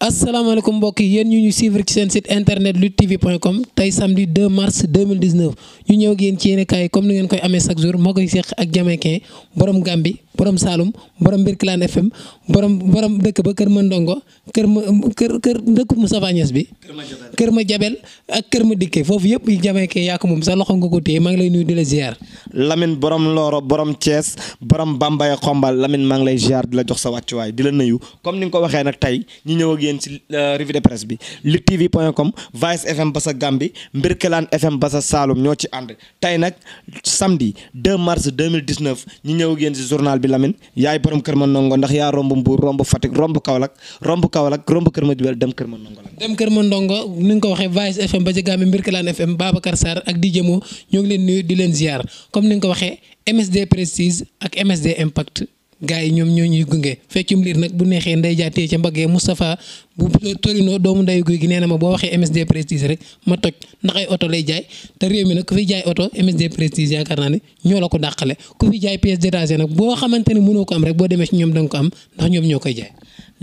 asalaamaaleykum mbokk yi yéen ñu ñu suivre ci seen site internet luttetv.com tey samedi 2 mars 2019 ñu ñëw ak yéen ci yéen comme ni ngeen koy amee chaque jour moo koy seq ak Jamaïcain borom Gambie borom Saloum borom Birkelane FM borom borom dëkk ba Kër Mandongo kër ma kër kër dëkk Moustapha Niass bi. Kër ma Jabel ak Kër ma Dikke foofu yëpp jamee jameekee yaa moom sa loxo nga ko téye maa ngi lay nuyu di la ziar. Lamine borom Loro borom Thiès borom Bambay Xombal Lamine maa ngi lay ziar di la jox sa wàccuwaay di la nuyu comme ni nga ko waxee nag tey ñu ñëw ak yéen ci euh, revue de presse bi Lutte TV point com Vice FM ba sa Gambie Birkelane FM ba sa saalum ñoo ci ànd tey nag samedi 2 mars 2019 ñu ñëw ak yéen ci journal bi Lamine yaay borom kër ma ndongo ndax yaa romb Mbour romb Fatick romb Kaolack romb Kaolack romb kër ma jubel dem kër ma ndongo la dem kër ma ndongo ni nga ko waxee Vice FM ba ci Gambie Mbirkilaan FM Babacar Sarr ak DJ Mo ñoo ngi leen nuyu di leen ziar comme ni nga ko waxee MSD Prestige ak MSD Impact gars yi ñoom ñoo ñuy gunge feccum liir nag bu neexee nday jaatee ca mbaggee Moustapha bu noo doomu nday guy gi nee na ma boo waxee MSD Prestige rek ma toj ndax ay oto lay jaay te réew mi nag ku fi jaay oto MSD Prestige yaakaar naa ne ñoo la ko dàqale ku fi jaay pièce détachée nag boo xamante ne mënoo ko am rek boo demee ci ñoom da ko am ndax ñoom ñoo koy jaay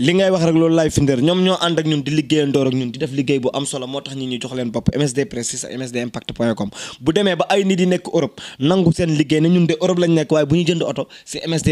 li ngay wax rek loolu laay findeer ñoom ñoo ànd ak ñun di liggéeyandoor ak ñun di def liggéey bu am solo moo tax ñi ñu jox leen bopp MSD Prestige si MSD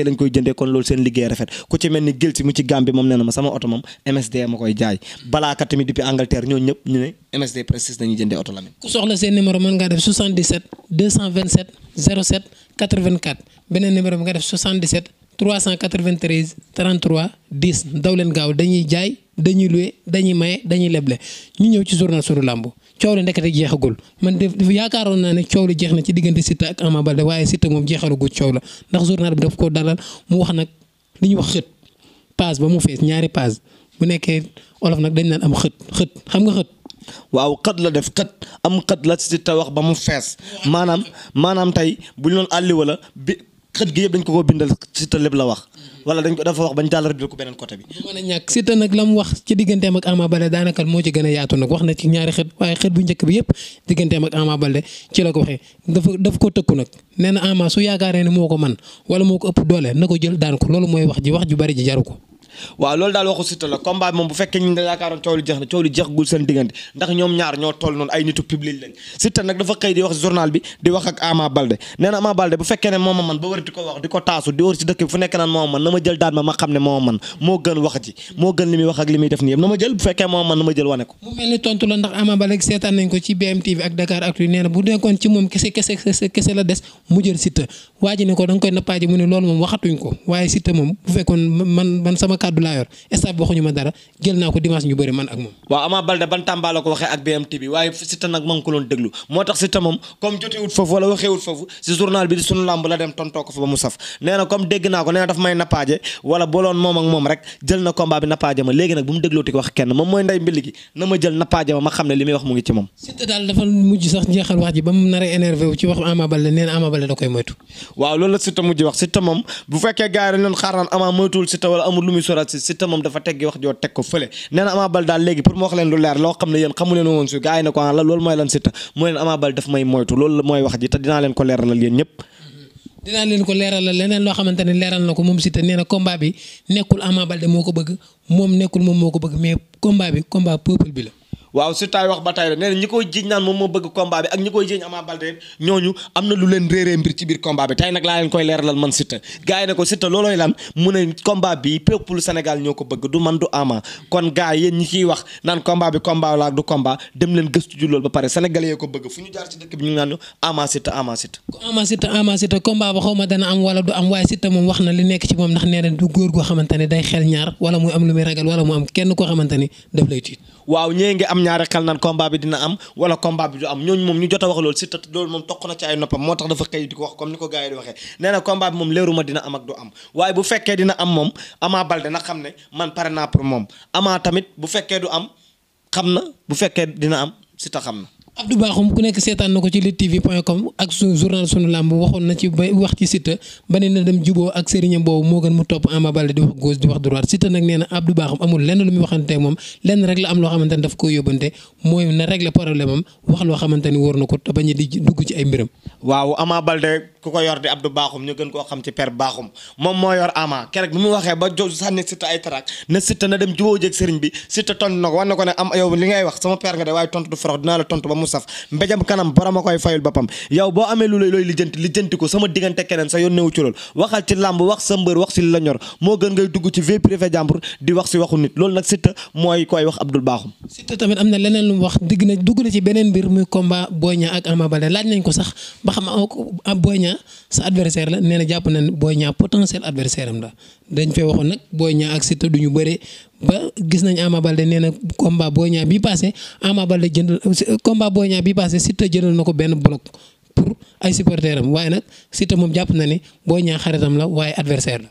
lañ koy jëndee kon loolu seen liggéey rafet ku ci mel ni gil si mu ci Gambie moom nee na ma sama oto moom MSD ma koy jaay balaakat tamit depuis Angleterre ñoo ñëpp ñu ne MSD Prestige nañuy jëndee oto la ku soxla seen numéro mën ngaa def 77 227 07 84 beneen numéro bi nga def 77 cent 393 33 10 daw leen gaaw dañuy jaay dañuy luwe dañuy maye dañuy leble ñu ñëw ci journal sunu làmb coow li ndekete jeexagul man def yaakaaroon naa ne coow li jeex na ci diggante Siteu ak Ama Baldé waaye Siteu moom jeexalagul coow la ndax journal bi daf ko dalal mu wax nag li ñuy wax xët page ba mu fees ñaari page bu nekkee olof nag dañ naan am xët xët xam nga xët. waaw xët la def xët am xët la Siteu wax ba mu fees maanaam maanaam tey bu ñu doon àlliwa bi. xët gi yëpp dañ ko koo bindal Siteu lépp la wax wala dañ ko dafa wax bañ taal rëddal ko beneen côté bi mën a ñàkk Siteu nag la wax ci digganteem ak Ama Baldé daanaka moo ci gën a yaatu nag wax na ci ñaari xët waaye xët bu njëkk bi yëpp digganteem ak Ama Baldé ci la ko waxee dafa daf ko tëkku nag nee na Ama su yaakaaree ne moo ko man wala moo ko ëpp doole na ko jël daan ko loolu mooy wax ji wax ju bari ji jaru ko waaw loolu daal waxu Siteu la combat bi moom bu fekkee ñu ngi yaakaaroon coow li jeex na coow li jeexagul seen diggante ndax ñoom ñaar ñoo toll noonu ay nitu public lañ Siteu nag dafa xëy di wax journal bi di wax ak Ama Balde nee na Balde bu fekkee ne mooma man na ma jël daan ma ma xam ne mooma man ma jël wane ko mu mel ni tontu la ndax Ama Balde seetaan nañ ko ci BMTV ak Dakar Actu nee na bu nekkoon ci moom kese kese kese la des mu jël kàddu laa yor instant bi waxuñu ma dara jël naa ko dimanche ñu bëri man ak moom waaw Ama Baldé ban tàmbaa la ko waxee ak BMT bi waaye Siteu moom bu fekkee gars yi dañ doon xaar moytuwul Siteu wala amul lu muy raciste Siteu moom dafa teggi wax joo teg ko fële nee na Ama daal léegi pour mu wax leen lu leer loo xam ne yéen xamu woon su gars yi ne ko ah la loolu may moytu loolu mooy wax ji te dinaa leen ko leeralal yéen leen loo xamante leeral na ko moom Siteu nee na bi nekkul Ama Baldé moo ko bëgg moom nekkul moom moo ko bëgg mais combat bi combat peuple bi la waaw Siteu wax ba tey rek nee na ñi koy jiiñ naan moom moo bëgg combat bi ak ñi koy jiiñ Ama Baldé ñooñu am na lu leen réeree mbir ci biir combat bi tey nag laa leen koy leeralal man Siteu gars yi ne ko Siteu loolooy bi peuple Sénégal ñoo ko bëgg du man du Ama kon gars yéen ñi ciy wax naan combat bi combat la du combat dem leen gëstu ju loolu ba pare sénégalais yoo bëgg fu ñu jaar ci bi ñu ngi naan ñu Ama Siteu Ama Siteu Ama xaw ma dana am wala du am waaye Siteu moom wax na li nekk ci moom ndax nee na du góor goo xamante ne day xel ñaar wala muy am lu muy ragal wala mu am kenn koo xamante ni daf lay tiit waaw ñee ngi am ñaari xel naan combat bi dina am wala combat bi du am ñooñu moom ñu jot a wax loolu Siteu loolu moom toq na ci ay noppam moo tax dafa xëy di ko wax comme ni ko gars yi di waxee nee na combat bi moom léeruma dina am ak du am waaye bu fekkee dina am moom Ama Baldé na xam ne man pare naa pour moom Ama tamit bu fekkee du am xam na bu fekkee dina am Siteu xam na Abdou Bakhoum ku nekk seetaan na ko ci luttetv.com ak su journal sunu làmb waxoon na ci ba wax ci Siteu ba ne na dem juboo ak sëriñam boobu moo gën mu topp Ama Baldé di wax gauche di wax droite Siteu nag nee na Abdou amul lenn lu muy waxante moom lenn rek la am loo xamante ne daf ko yóbbante mooy na régler problème am wax loo xamante ni na ko te a di dugg ci ay mbiram. waaw Ama Baldé ku ko yor di Abdou Bakhoum ñu gën koo xam ci per Bakhoum moom moo yor Ama keroog bi mu waxee ba sànni Siteu ay tarak na Siteu na dem jubóo jëg sëriñ bi Siteu tontu na ko war ko ne am la tontu ba mu saf mbéjam kanam borom a koy fayul boppam yow boo amee lu lay laaj nañ ko sax ba xam Boy Niang sa adversaire la nee na jàpp na booy ñaa potentiel adversaire am la dañ fee waxoon nag booy ñaa ak Siteu du ñu bëre ba gis nañ Ama Baldé nee na combat booy ñaa bii passé Ama Baldé jëndal euh, euh, combat booy ñaa bii passé Siteu jëndal na ko benn bloc pour ay supporter am waaye nag Siteu moom jàpp na ne booy ñaa xaritam la waaye adversaire la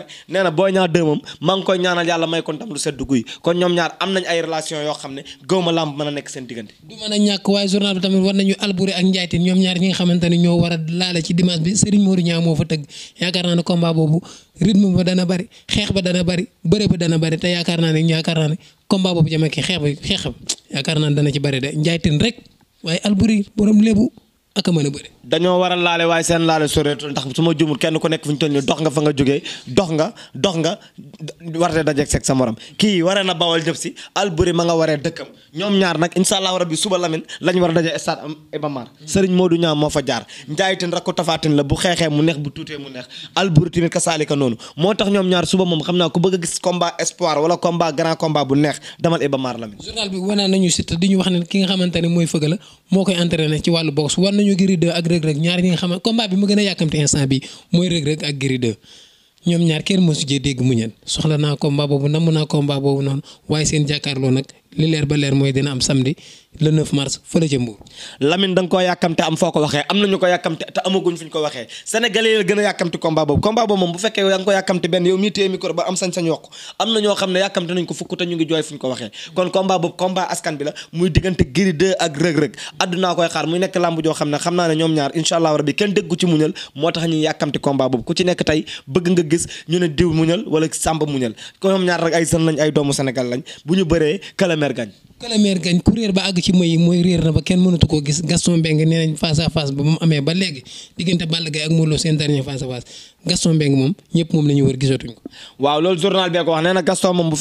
pare nee na Boy Niang 2 moom maa ngi koy ñaanal yàlla may ko ndam lu sedd guy kon ñoom ñaar am nañ ay relation yoo xam ne gëw ma làmb mën a nekk seen diggante du mën a ñàkk waaye journal bi tamit war nañu Alboury ak Ndiaye ñoom ñaar ñi nga xamante ñoo war a laale ci dimanche bi Serigne Modou Niang fa tëgg yaakaar naa ne combat boobu rythme ba dana bari xeex ba dana bari bëre ba dana bari te yaakaar naa ne boobu jamee ki xeex bi xeex yaakaar naa dana ak a mën a bëri. dañoo war a laale waaye seen laale soreetul ndax su ma jumul kenn ku nekk fu ñu toll nii dox nga fa nga jógee dox nga dox nga warate dajeeg seeg sa morom kii waree na bawal jëf si Alboury ma nga waree dëkkam ñaar nag incha allahu rabi suba lamin lañ war a daje stade Iba Mar moo fa jaar njaaytin rakko tafaatin bu xeexee mu neex bu tuutee mu neex Alboury tamit moo tax ñoom ñaar suba a gis combat espoir wala combat grand combat bu neex demal Iba Mar lamin journal bi wanaa nañu Siteu di ñu wax ne ki nga xamante ne mooy fëgg la moo koy entraîné ci wàllu boxe nañu Gris 2 ak Reug Reug ñaar ñi xam ne combat bi ma gën a yàkkamti instant bi mooy Reug Reug ak Gris 2 ñoom ñaar kenn mësu jee dégg mu ñen soxla naa combat boobu namm naa combat boobu noonu waaye seen jàkkaarloo nag li leer ba leer mooy dina am samedi le 9 mars fële ca da nga koo yàkkamte am foo ko waxee am na ñu ko yàkkamte te amaguñ fi ñu ko waxee sénégalais yi gën a yàkkamti combat boobu combat boobu moom bu fekkee da yàkkamte benn yow mii téye micro ba am sañ-sañ na ñoo xam ne yàkkamte ngi jooy fu ñu ko waxee kon combat boobu combat askan bi la muy diggante Gris 2 ak Reug Reug addunaa koy xaar muy nekk làmb joo xam ne xam naa ne ñoom ñaar incha allah rabbi kenn déggu ci muñal moo tax ñuy yàkkamti combat boobu ku ci nekk tey bëgg nga gis ñu ne diw muñal wala sàmba muñal ñoom ñaar rek ay sën lañ ay doomu Sénégal lañ bu ñu bëree kalamer gañ que le maire gañ ku réer ba àgg ci mooy mooy réer na ba kenn mënatu koo gis Gaston Mbengue nee nañ face ba mu amee ba léegi diggante Balla Gaye ak moom loolu journal bee ko wax nee Gaston moom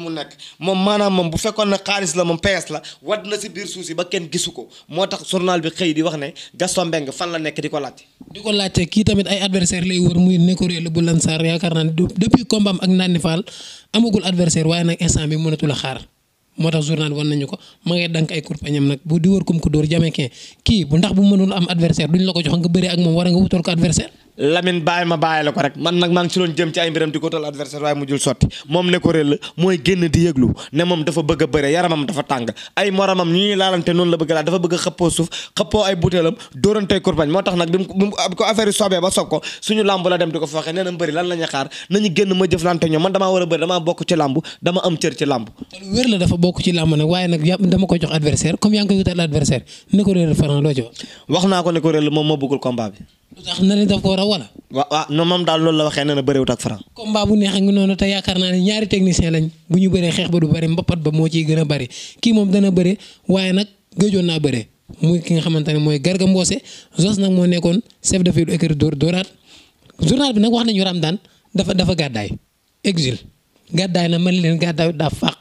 moom a maanaam moom bu fekkoon ne xaalis la moom pees la wadd na si biir suuf ba kenn gisu ko moo tax journal bi xëy di wax ne Gaston Mbengue fan la nekk di ko laajte. di ko laajte kii tamit ay adversaire lay wër muy nekk réel bu lan saar yaakaar naa ne depuis combat am ak Nandi Fall amagul adversaire waaye nag instant bi mënatul a xaar moo tax journal wan nañu ko ma ngay dank ay kurpañam nag bu di wër kum ko dóor Jamaïcain kii bu ndax bu mënul am adversaire duñ la ko jox nga bëree ak moom war nga wutal ko adversaire Lamine bàyyi ma bàyyi la ko rek man nag maa ngi ci jëm ci ay mbiram di ko tal adversaire waaye mujjul sotti moom ne ko moom dafa bëgg a bi mu na mbëri lan war a wax wala. waa waaw non moom daal loolu la waxee nee na bëriwut ak Franc. combat bu neex a ngi noonu te yaakaar naa ne ñaari technicien lañ bu ñu bëree xeex ba du bëri mbapat ba moo ciy gën a bëri kii moom dana bëri waaye nag gëjoon naa bëre muy ki nga xamante ne mooy Garga Mbossé Zoss nag moo nekkoon chef de file du écurie Dóor Dóoraat journal bi nag wax nañu Ramdan dafa dafa gàddaay exil gàddaay na man leen gàddaay daa fàq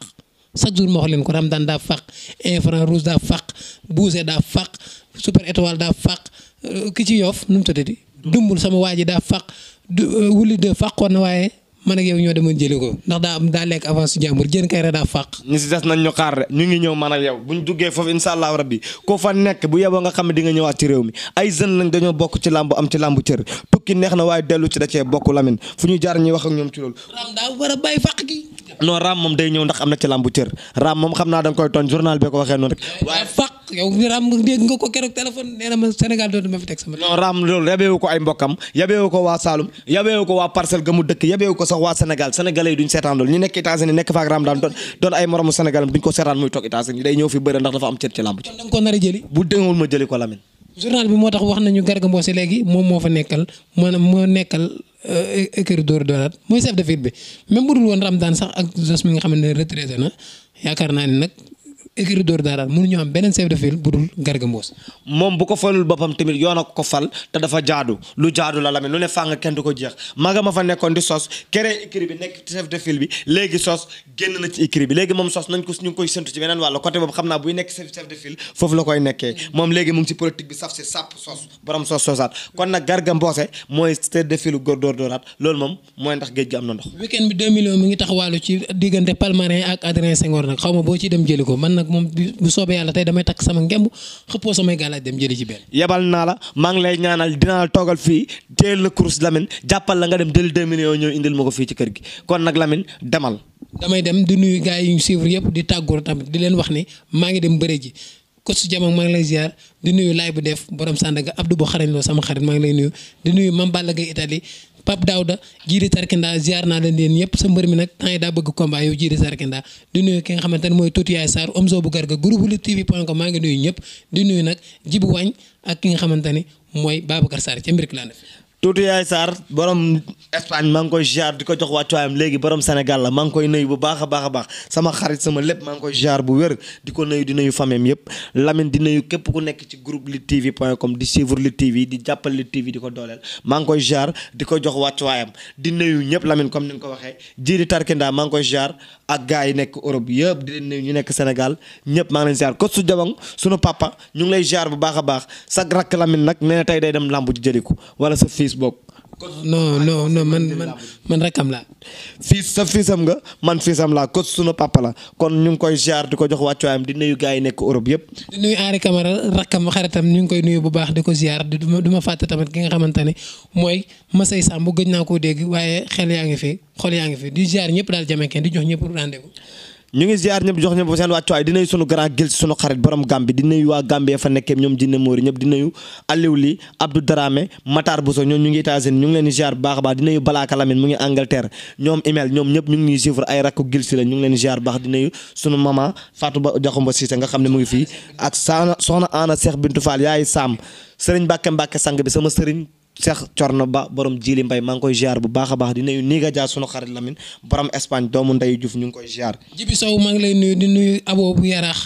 chaque jour ma wax leen ko Ramdan daa fàq infra rouge daa fàq Bouzé daa fàq super daa fàq euh, ki ci yoof nu mu tëddee dumbul sama waa ji daa faq du euh, wuli na waaye man ak yow ñoo demoon jëli ko ndax daa am daa lekk avance su jàmbur jën kay rek daa faq. ñu des nañ ñu xaar ñu ñëw man ak yow bu ñu duggee foofu incha allahu rabbi koo fa nekk bu yeboo nga xam ne di ñëwaat ci réew mi ay jeunes lañ dañoo bokk ci làmb am ci làmb cër tukki neex na waaye dellu ci da cee bokk lamin fu ñu jaar ñuy wax ak ñoom ci loolu. Ram daa war a bàyyi faq gi. non moom day ñëw ndax am na ci lambu cër Ram moom xam naa da nga koy toon journal bi ko waxee noonu rek. yow Ram dégg nga ko keroog téléphone nee na ma Sénégal doon ma fi teg sama. non Ram loolu yabeewu ko ay mbokkam yabeewu ko waa Saloum yabeewu ko waa parcelle ga dëkk yabeewu ko sax waa Sénégal sénégalais duñ seetaan loolu ñu nekk États-Unis nekk faak Ram daan doon ay moromu Sénégal duñ ko seetaan muy toog états day ñëw fi bëre ndax dafa am cër ci làmb ci. kon da nga ko nar a jëli. bu déggul ma moom moo fa nekkal moo nekkal euh, écurie Dóor Dóoraat mooy chef de file na écurie Dóor de file bu dul Garga moom bu ko falul boppam tamit yoon a ko fal te dafa jaadu lu jaadu la Lamine lu ne fàng kenn du ko jeex maga ma fa nekkoon di sos créé écurie bi nekk chef sos génn moom sos ko ñu ngi koy séntu ci beneen wàll côté boobu xam naa buy nekk chef de file foofu la koy nekkee mm. moom léegi mu ngi ci politique bi saf si sàpp sos na ndox. week-end bi 2 ngi taxawaalu ci diggante Palmarin ak Adrien Senghor nag xaw boo ci dem jëli ko man nag moom bu soobee yàlla tey damay takk sama ngemb xëppoo samay gàllaaj dem jëli ci benn. yebal naa la maa ngi lay ñaanal dinaa toogal fii teel la course Lamine jàppal la nga dem jëli 2 millions ñëw indil ma ko fii ci kër gi kon nag Lamine demal. damay dem di nuyu gaa yi ñu suivre yëpp di tàggoo tamit di leen wax ni maa ngi dem bëre ji kot su jama maa ngi lay di nuyu laay bu def borom Sandaga Abdou bu xarañ loo sama xarit maa ngi lay nuyu di nuyu Mame Balla Gaye Italie Pape Daouda Djily Tarkinda ziar naa leen yéen yëpp sa mbër mi nag temps yi daa bëgg combat yow Djily Tarkinda di nuyu ki nga xamante ne mooy Tuuti Yaay Sarr Omzo bu Garga groupe Lutte TV point com maa ngi nuyu ñëpp di nuyu nag Jibu Wañ ak ki nga xamante ne mooy Babacar Sarr ca Mbirkilane tuuti yaay Sarr borom Espagne maa ngi koy jaar di ko jox wàccuwaayam léegi borom Sénégal la maa ngi koy nuyu bu baax a baax a baax sama xarit sama lépp maa ngi koy jaar bu wér di ko nuyu di nuyu famem yëpp lamin di nuyu képp ku nekk ci groupe Lutte TV comme com di suivre Lutte TV di jàppal Lutte TV di ko dooleel maa ngi koy jaar di ko jox wàccuwaayam di nuyu ñëpp Lamine comme ni nga ko waxee ji di Tarkinda maa ngi koy jaar ak gars yi nekk Europe yëpp di leen nuyu ñu nekk Sénégal ñëpp maa ngi leen ziar kot su jabang sunu papa ñu ngi lay ziar bu baax a baax sa rakk Lamine nag nee na tey day dem làmb ji jëliku wala sa fils bokk non non non man man man rakam laa. fii sa fiisam nga man fiisam laa coach sunu papa kon ñu ngi koy ziar di ko jox wàccuwaayam di nuyu gaa yi nekk Europe yëpp. di nuyu Henri Camara rakam xaritam ñu ngi koy nuyu bu baax di ko ziar di du ma fàtte tamit ki nga xamante ne mooy Masay Samb gëj naa koo dégg waaye xel yaa ngi fi xol yaa ngi fi di ziar ñëpp daal jàmm kenn di jox ñëpp rendez-vous. ñu ngi ziar ñëpp jox ñëpp seen wàccuwaay di nuyu sunu grand gil sunu xarit borom Gambie di nuyu waa Gambie fa nekkee ñoom Jinne Mori ñëpp di nuyu Aliou Ly Abdou ñu ngi États-Unis ñu ngi leen di ziar bu baax a baax di nuyu Balaka Lamine mu ngi Angleterre ñu ngi ñuy suivre ay rakku gil si la ñu ngi leen di ziar Ba Diakhomba nga xam ne mu ngi fii ak soxna Anna Cheikh Bintou Fall yaay Sam sëriñ Mbàkke Mbàkke sang bi sama sëriñ Cheikh Corno Ba borom jili mbay maa ngi koy ziar bu baax a baax di nuyu nii nga jaar sunu xarit Lamine borom Espagne doomu ndeyu Diouf ñu ngi koy ziar. Jibi Sow maa ngi lay nuyu di nuyu Abo bu Yaraax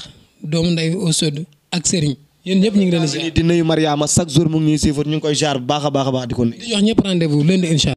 doomu ndeyu Osod ak Serigne yéen ñëpp ñu ngi leen di ziar di nuyu Mariama mu ngi ñuy ñu ngi koy ziar bu baax a baax a baax di ko nuyu. jox ñëpp rendez vous lundi incha